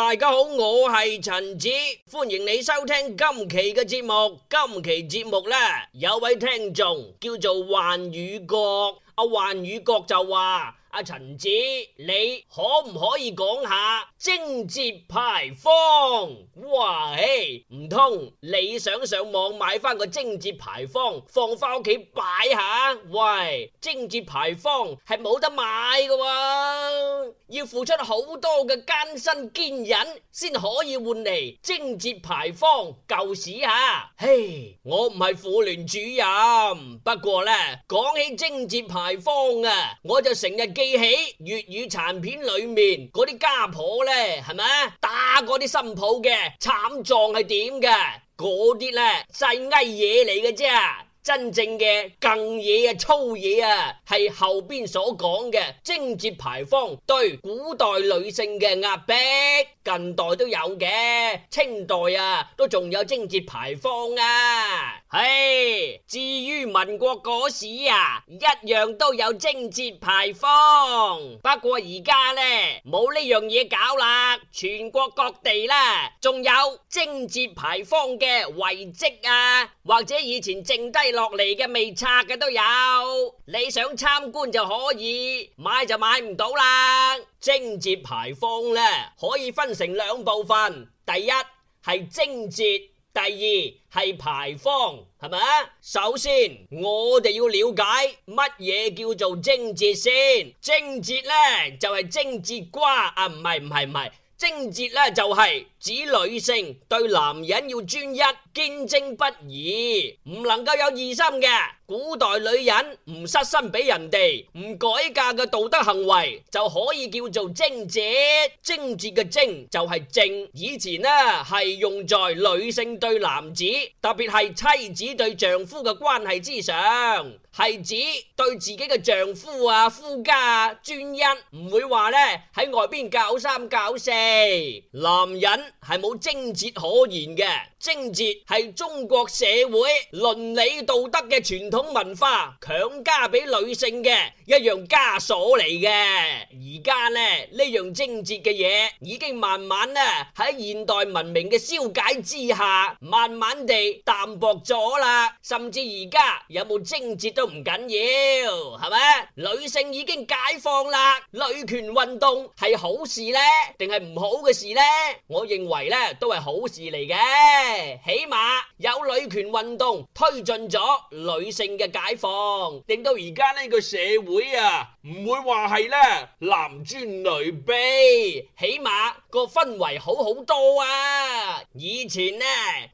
大家好，我係陳子，歡迎你收聽今期嘅節目。今期節目呢，有位聽眾叫做幻雨閣，阿、啊、幻雨閣就話。阿陳、啊、子，你可唔可以講下貞節牌坊？哇，嘿，唔通你想上網買翻個貞節牌坊放翻屋企擺下？喂，貞節牌坊係冇得買噶，啊，要付出好多嘅艱辛堅忍先可以換嚟貞節牌坊舊時吓。嘿，我唔係婦聯主任，不過咧，講起貞節牌坊啊，我就成日。記起粵語殘片裏面嗰啲家婆呢，係咪打嗰啲新抱嘅慘狀係點嘅？嗰啲呢，係細嘢嚟嘅啫。真正嘅更野啊粗野啊，係後邊所講嘅貞節牌坊，對古代女性嘅壓迫，近代都有嘅，清代啊都仲有貞節牌坊啊。係至於民國嗰時啊，一樣都有貞節牌坊。不過而家咧冇呢樣嘢搞啦，全國各地啦，仲有貞節牌坊嘅遺跡啊，或者以前剩低。落嚟嘅未拆嘅都有，你想參觀就可以，買就買唔到啦。貞節牌坊咧可以分成兩部分，第一係貞節，第二係牌坊，係咪？首先我哋要了解乜嘢叫做貞節先，貞節咧就係、是、貞節瓜啊，唔係唔係唔係，貞節咧就係、是。指女性，對男人要專一，堅貞不移。唔能夠有異心嘅。古代女人，唔失身俾人哋，唔改嫁嘅道德行為，就可以叫做貞節。貞節嘅貞，就係正。以前，係用在女性對男子，特別係妻子對丈夫嘅關係之上。係指，對自己嘅丈夫啊，夫家啊，專一，唔會話呢，喺外邊搞三搞四。男人，係冇貞節可言嘅，貞節係中國社會倫理道德嘅傳統文化強加俾女性嘅一樣枷鎖嚟嘅。而家呢，呢樣貞節嘅嘢已經慢慢呢喺現代文明嘅消解之下，慢慢地淡薄咗啦。甚至而家有冇貞節都唔緊要，係咪？女性已經解放啦，女權運動係好事呢，定係唔好嘅事呢？我亦。認為咧都係好事嚟嘅，起碼有女權運動推進咗女性嘅解放，令到而家呢個社會啊唔會話係咧男尊女卑，起碼個氛圍好好多啊！以前呢，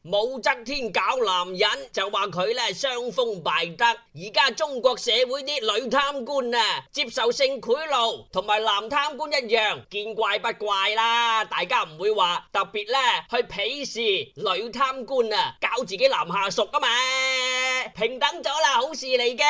武則天搞男人就話佢咧傷風敗德，而家中國社會啲女貪官啊接受性賄賂同埋男貪官一樣，見怪不怪啦，大家唔會話。特別咧去鄙視女貪官啊，搞自己男下屬啊嘛，平等咗啦，好事嚟嘅。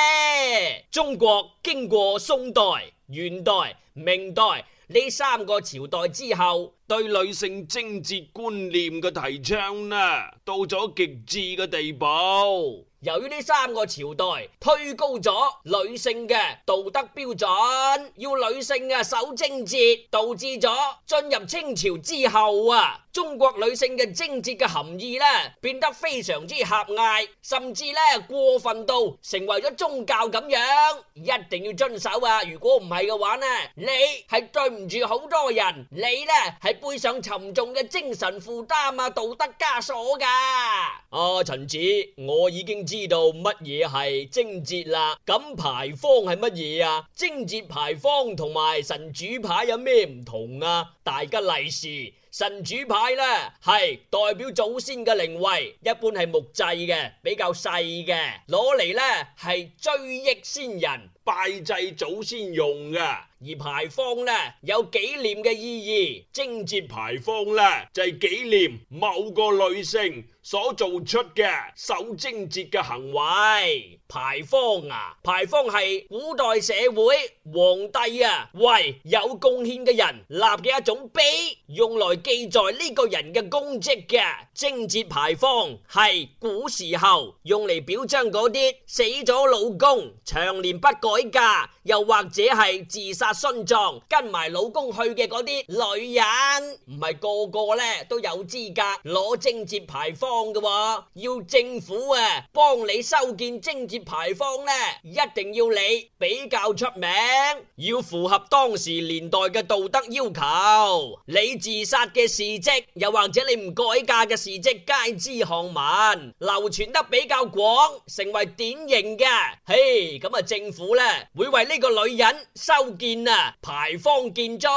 中國經過宋代、元代、明代呢三個朝代之後，對女性貞節觀念嘅提倡啦，到咗極致嘅地步。由於呢三個朝代推高咗女性嘅道德標準，要女性嘅守貞節，導致咗進入清朝之後啊，中國女性嘅貞節嘅含義呢，變得非常之狹隘，甚至呢過分到成為咗宗教咁樣，一定要遵守啊！如果唔係嘅話呢，你係對唔住好多人，你呢係背上沉重嘅精神負擔啊，道德枷鎖㗎。啊，陳子，我已經。知道乜嘢係貞節啦？咁牌坊係乜嘢啊？貞節牌坊同埋神主牌有咩唔同啊？大吉利是，神主牌咧係代表祖先嘅靈位，一般係木製嘅，比較細嘅，攞嚟咧係追憶先人，拜祭祖先用嘅，而牌坊咧有紀念嘅意義，貞節牌坊咧就係、是、紀念某個女性所做出嘅守貞節嘅行為。牌坊啊，牌坊係古代社會皇帝啊為有貢獻嘅人立嘅一種碑，用來記載呢個人嘅功績嘅。貞節牌坊係古時候用嚟表彰嗰啲死咗老公長年不改。改嫁，又或者係自殺殉葬，跟埋老公去嘅嗰啲女人，唔係個個咧都有資格攞貞節牌坊嘅。要政府啊，幫你修建貞節牌坊咧，一定要你比較出名，要符合當時年代嘅道德要求。你自殺嘅事跡，又或者你唔改嫁嘅事跡，街知巷聞，流傳得比較廣，成為典型嘅。嘿，咁啊，政府咧。會為呢個女人修建啊牌坊建築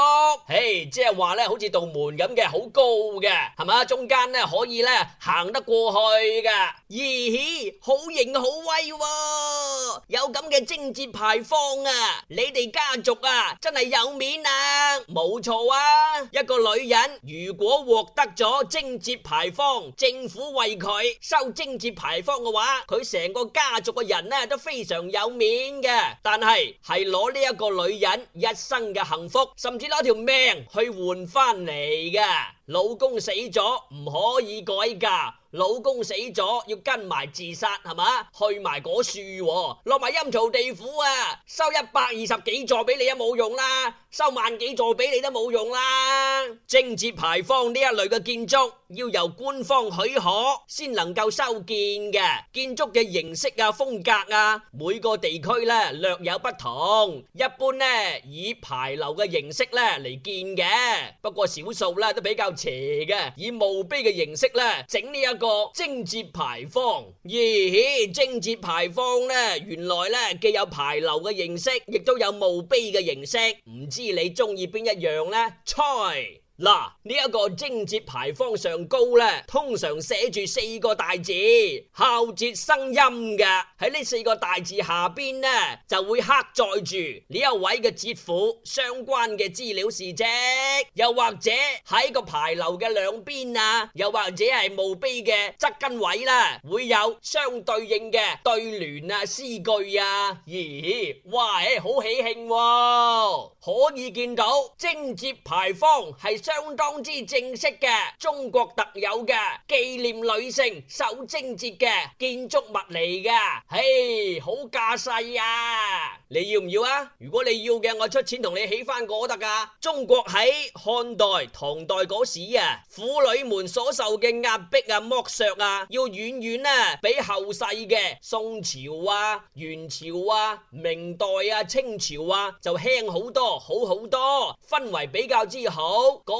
，hey，誒，即係話呢好似道門咁嘅，好高嘅，係嘛？中間呢可以呢行得過去噶，咦、哎，好型好威喎！啊！有咁嘅貞節牌坊啊，你哋家族啊，真係有面啊！冇錯啊，一個女人如果獲得咗貞節牌坊，政府為佢修貞節牌坊嘅話，佢成個家族嘅人呢都非常有面嘅。但係係攞呢個女人一生嘅幸福，甚至攞條命去換翻嚟嘅。老公死咗唔可以改嫁，老公死咗要跟埋自殺係嘛？去埋果樹，落埋陰曹地府啊！收一百二十幾座俾你都冇用啦，收萬幾座俾你都冇用啦。貞節牌坊呢一類嘅建築，要由官方許可先能夠修建嘅。建築嘅形式啊、風格啊，每個地區咧略有不同。一般咧以牌樓嘅形式咧嚟建嘅，不過少數咧都比較。邪嘅以墓碑嘅形式咧，整呢一個貞節牌坊。咦，貞節牌坊咧，原來咧既有牌樓嘅形式，亦都有墓碑嘅形式。唔知你中意邊一樣咧？猜。嗱，呢一個貞節牌坊上高咧，通常寫住四個大字，孝節生音嘅。喺呢四個大字下邊呢，就會刻載住呢一位嘅節婦相關嘅資料事跡。又或者喺個牌樓嘅兩邊啊，又或者係墓碑嘅側跟位啦，會有相對應嘅對聯啊、詩句啊。咦，哇，好喜慶喎，哦！可以見到貞節牌坊係相當之正式嘅中國特有嘅紀念女性守貞節嘅建築物嚟噶，嘿，好架勢啊！你要唔要啊？如果你要嘅，我出錢同你起翻個都得噶。中國喺漢代、唐代嗰時啊，婦女們所受嘅壓迫啊、剝削啊，要遠遠啊比後世嘅宋朝啊、元朝啊、明代啊、清朝啊就輕好多，好好多，氛圍比較之好。嗰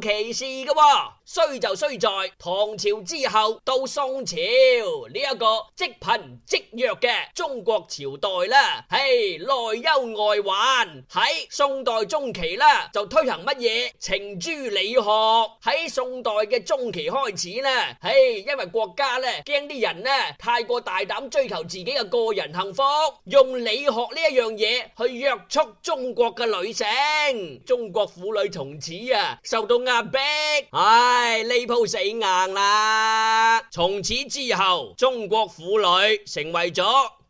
歧視嘅！衰、哦、就衰在唐朝之後到宋朝呢一，這個積貧積弱嘅中國朝代啦。唉，內憂外患，喺宋代中期啦，就推行乜嘢？程朱理學喺宋代嘅中期開始啦。唉，因為國家呢，驚啲人呢，太過大膽追求自己嘅個人幸福，用理學呢一樣嘢去約束中國嘅女性，中國婦女從此啊，受到。壓迫，啊 Big. 唉，呢鋪死硬啦！從此之後，中國婦女成為咗。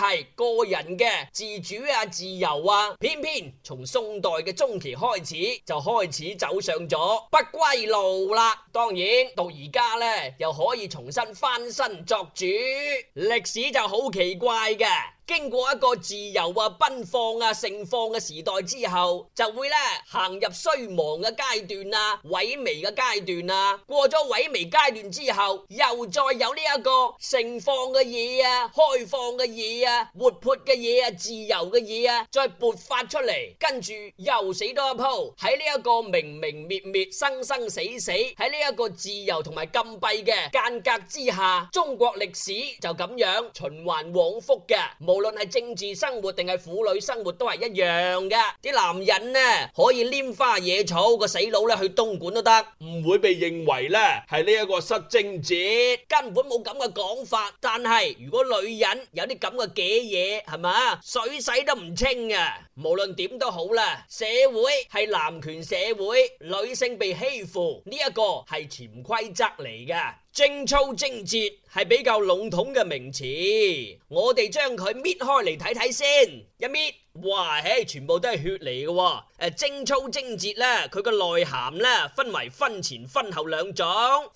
係個人嘅自主啊，自由啊，偏偏從宋代嘅中期開始，就開始走上咗不歸路啦。當然，到而家呢，又可以重新翻身作主。歷史就好奇怪嘅。經過一個自由啊、奔放啊、盛放嘅時代之後，就會咧行入衰亡嘅階段啊、萎靡嘅階段啊。過咗萎靡階段之後，又再有呢一個盛放嘅嘢啊、開放嘅嘢啊、活潑嘅嘢啊、自由嘅嘢啊，再勃發出嚟，跟住又死多一鋪。喺呢一個明明滅滅、生生死死，喺呢一個自由同埋禁閉嘅間隔之下，中國歷史就咁樣循環往復嘅。冇。無論係政治生活定係婦女生活都係一樣嘅，啲男人呢，可以拈花惹草，個死佬呢，去東莞都得，唔會被認為呢係呢一個失貞者，根本冇咁嘅講法。但係如果女人有啲咁嘅嘅嘢，係咪水洗都唔清啊！無論點都好啦，社會係男權社會，女性被欺負呢一個係潛規則嚟噶。貞操貞節係比較籠統嘅名詞，我哋將佢搣開嚟睇睇先，一搣。哇！嘿，全部都係血嚟嘅，誒，貞操貞節咧，佢個內涵咧分為婚前婚後兩種。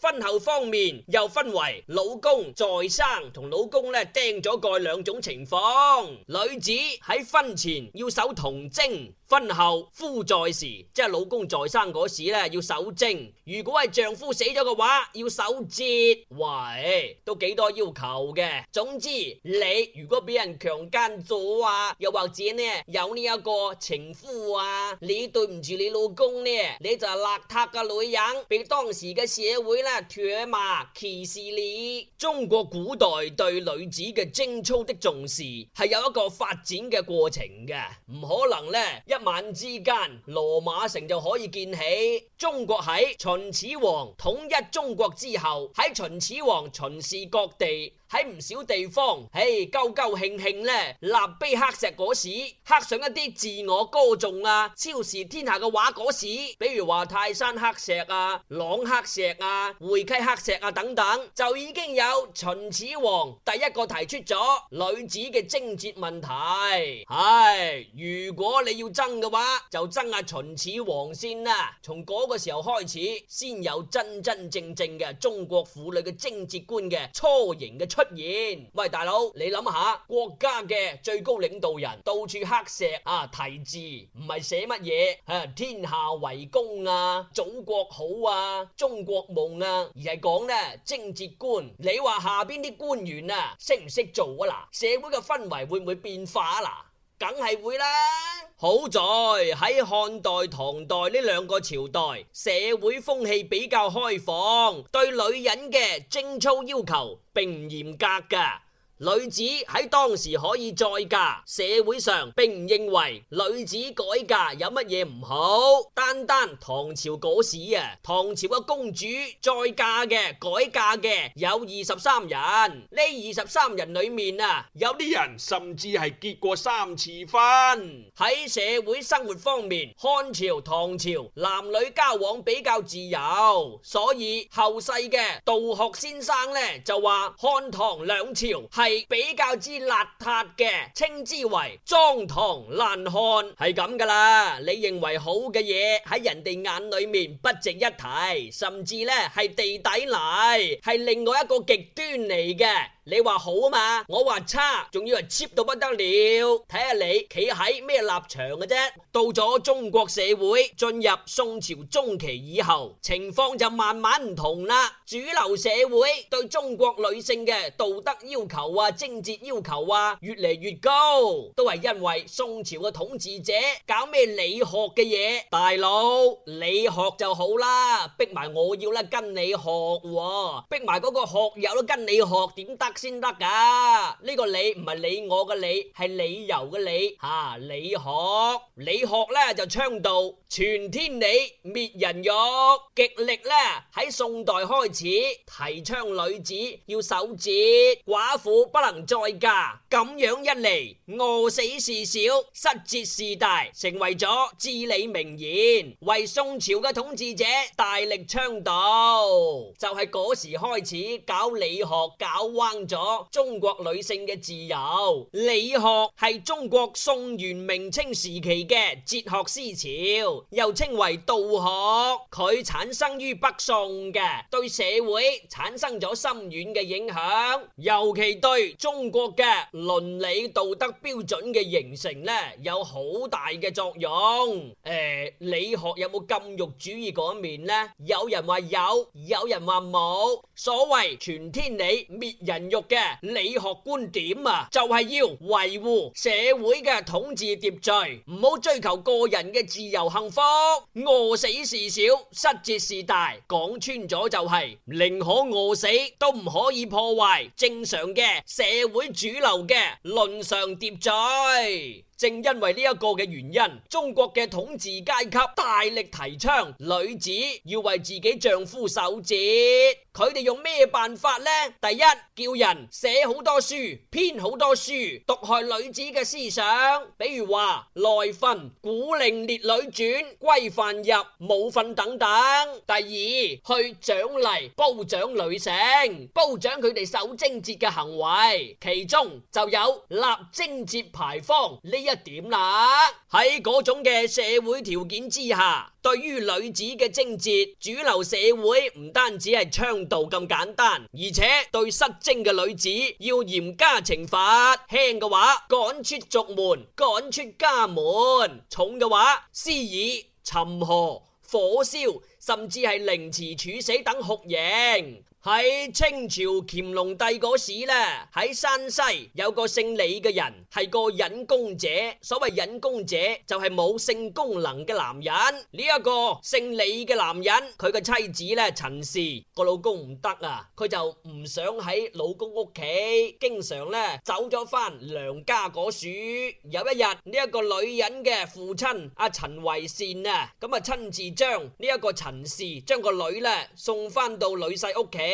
婚後方面又分為老公在生同老公咧釘咗蓋兩種情況。女子喺婚前要守童貞，婚後夫在時，即係老公在生嗰時咧要守貞。如果係丈夫死咗嘅話，要守節。喂，都幾多要求嘅。總之，你如果俾人強姦咗啊，又或者呢？有呢一個情夫啊，你對唔住你老公呢，你就係邋遢嘅女人，俾當時嘅社會啦唾罵歧視你。中國古代對女子嘅貞操的重視係有一個發展嘅過程嘅，唔可能呢，一晚之間羅馬城就可以建起。中國喺秦始皇統一中國之後，喺秦始皇巡視各地。喺唔少地方，嘿，高高興興咧，立碑刻石嗰時，刻上一啲自我歌頌啊，超視天下嘅話嗰時，比如話泰山刻石啊、朗刻石啊、會稽刻石啊等等，就已經有秦始皇第一個提出咗女子嘅貞節問題。唉，如果你要爭嘅話，就爭下、啊、秦始皇先啦。從嗰個時候開始，先有真真正正嘅中國婦女嘅貞節觀嘅雛形嘅出。不然，喂大佬，你諗下國家嘅最高領導人到處刻石啊，題字唔係寫乜嘢啊？天下為公啊，祖國好啊，中國夢啊，而係講咧，貞節觀。你話下邊啲官員啊，識唔識做啊？嗱，社會嘅氛圍會唔會變化啊？嗱？梗係會啦，好在喺漢代、唐代呢兩個朝代，社會風氣比較開放，對女人嘅貞操要求並唔嚴格噶。女子喺當時可以再嫁，社會上並唔認為女子改嫁有乜嘢唔好。單單唐朝嗰時啊，唐朝嘅公主再嫁嘅、改嫁嘅有二十三人。呢二十三人裏面啊，有啲人甚至係結過三次婚。喺社會生活方面，漢朝、唐朝男女交往比較自由，所以後世嘅道學先生呢就話漢唐兩朝係比較之邋遢嘅，稱之為髒唐爛漢，係咁噶啦。你認為好嘅嘢喺人哋眼裏面不值一提，甚至呢係地底泥，係另外一個極端嚟嘅。你話好啊，嘛，我話差，仲要人 cheap 到不得了。睇下你企喺咩立場嘅啫。到咗中國社會進入宋朝中期以後，情況就慢慢唔同啦。主流社會對中國女性嘅道德要求啊、貞節要求啊，越嚟越高，都係因為宋朝嘅統治者搞咩理學嘅嘢。大佬，你學就好啦，逼埋我要啦，跟你學，逼埋嗰個學友都跟你學，點得？先得噶，呢個理唔係你我嘅理，係理由嘅理。吓，理學，理學咧就倡導存天理，滅人欲。極力咧喺宋代開始提倡女子要守節，寡婦不能再嫁。咁樣一嚟，餓死事小，失節事大，成為咗至理名言，為宋朝嘅統治者大力倡導。就係嗰時開始搞理學，搞溫。咗中國女性嘅自由，理學係中國宋元明清時期嘅哲學思潮，又稱為道學。佢產生於北宋嘅，對社會產生咗深遠嘅影響，尤其對中國嘅倫理道德標準嘅形成咧有好大嘅作用。誒，理學有冇禁欲主義嗰一面呢？有人話有，有人話冇。所謂存天理，滅人欲。嘅理學觀點啊，就係要維護社會嘅統治秩序，唔好追求個人嘅自由幸福。餓死事小，失節事大。講穿咗就係、是，寧可餓死，都唔可以破壞正常嘅社會主流嘅倫常秩序。正因為呢一個嘅原因，中國嘅統治階級大力提倡女子要為自己丈夫守節。佢哋用咩辦法呢？第一，叫人寫好多書、編好多書，毒害女子嘅思想，比如話內訓《古令列女傳》、《規範入母訓》等等。第二，去獎勵褒獎女性，褒獎佢哋守貞節嘅行為，其中就有立貞節牌坊呢一。點啦？喺嗰 種嘅社會條件之下，對於女子嘅貞節，主流社會唔單止係倡導咁簡單，而且對失貞嘅女子要嚴加懲罰，輕嘅話趕出族門、趕出家門，重嘅話施以沉河、火燒，甚至係凌遲處死等酷刑。喺清朝乾隆帝嗰時咧，喺山西有個姓李嘅人，係個隱公者。所謂隱公者就係冇性功能嘅男人。呢一個姓李嘅、就是、男人，佢、這、嘅、個、妻子咧陳氏，個老公唔得啊，佢就唔想喺老公屋企，經常咧走咗翻娘家嗰處。有一日，呢、這、一個女人嘅父親阿陳慧善啊，咁啊親自將呢一個陳氏，將個女咧送翻到女婿屋企。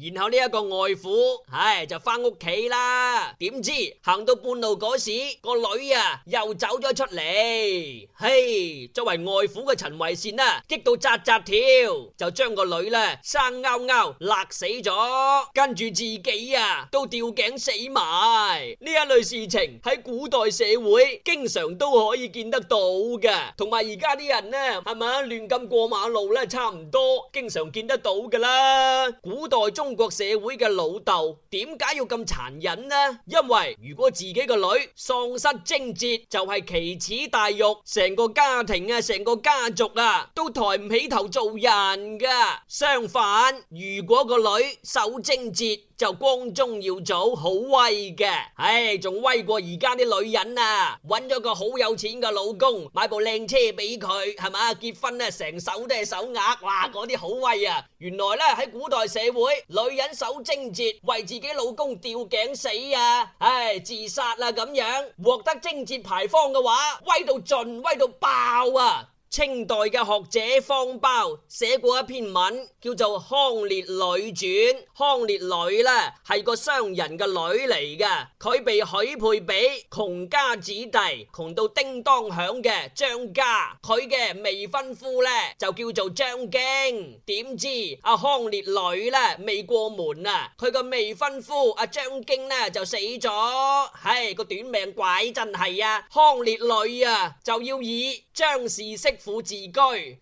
然後呢一個外父，唉、哎，就翻屋企啦。點知行到半路嗰時，個女啊又走咗出嚟。嘿，作為外父嘅陳慧善啦，激到扎扎跳，就將個女啦生勾勾勒死咗，跟住自己啊都吊頸死埋。呢一類事情喺古代社會經常都可以見得到嘅，同埋而家啲人呢係咪啊亂咁過馬路咧，差唔多經常見得到噶啦。古代中。中國社會嘅老豆點解要咁殘忍呢？因為如果自己個女喪失貞節，就係奇恥大辱，成個家庭啊，成個家族啊，都抬唔起頭做人噶。相反，如果個女守貞節，就光宗耀祖，好威嘅，唉，仲威過而家啲女人啊！揾咗個好有錢嘅老公，買部靚車俾佢，係咪啊？結婚咧，成手都係手鈪，哇！嗰啲好威啊！原來咧喺古代社會，女人守貞節，為自己老公吊頸死啊，唉，自殺啦、啊，咁樣，獲得貞節牌坊嘅話，威到盡，威到爆啊！清代嘅學者方苞寫過一篇文，叫做《康烈女傳》。康烈女呢，係個商人嘅女嚟嘅，佢被許配俾窮家子弟，窮到叮噹響嘅張家。佢嘅未婚夫呢，就叫做張京。點知阿、啊、康烈女呢，未過門啊，佢個未婚夫阿、啊、張京呢，就死咗，唉、哎，個短命鬼真係啊！康烈女啊就要以張氏式。婦自居，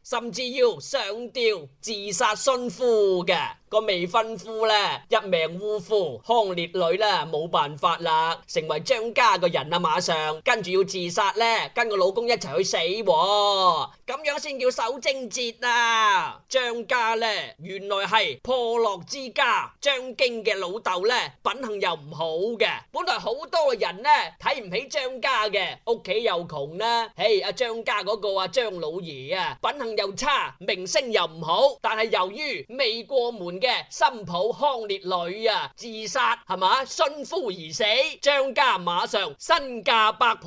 甚至要上吊自殺殉夫嘅。個未婚夫咧一命嗚呼，康烈女啦冇辦法啦，成為張家個人啦，馬上跟住要自殺咧，跟個老公一齊去死，咁樣先叫守貞節啊！張家咧原來係破落之家，張經嘅老豆咧品行又唔好嘅，本來好多人咧睇唔起張家嘅屋企又窮啦，嘿，阿張家嗰個阿張老爺啊品行又差，名聲又唔好，但係由於未過門。嘅新抱康烈女啊，自殺係嘛，殉夫而死，張家馬上身價百倍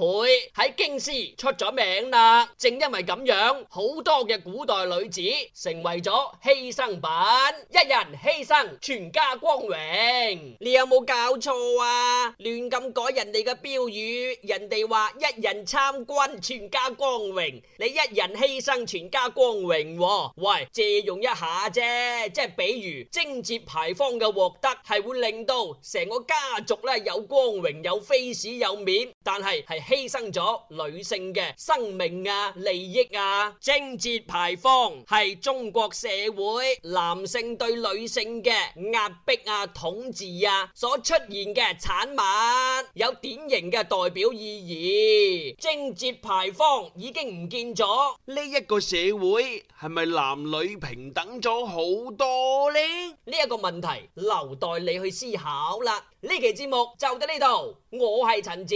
喺京師出咗名啦。正因為咁樣，好多嘅古代女子成為咗犧牲品，一人犧牲全家光榮。你有冇搞錯啊？亂咁改人哋嘅標語，人哋話一人參軍全家光榮，你一人犧牲全家光榮啊。喂，借用一下啫，即係比如。貞節牌坊嘅獲得係會令到成個家族咧有光榮，有 face 有面，但係係犧牲咗女性嘅生命啊利益啊。貞節牌坊係中國社會男性對女性嘅壓迫啊統治啊所出現嘅產物，有典型嘅代表意義。貞節牌坊已經唔見咗，呢一個社會係咪男女平等咗好多呢？呢一個問題留待你去思考啦。呢期節目就到呢度，我係陳子，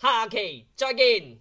下期再見。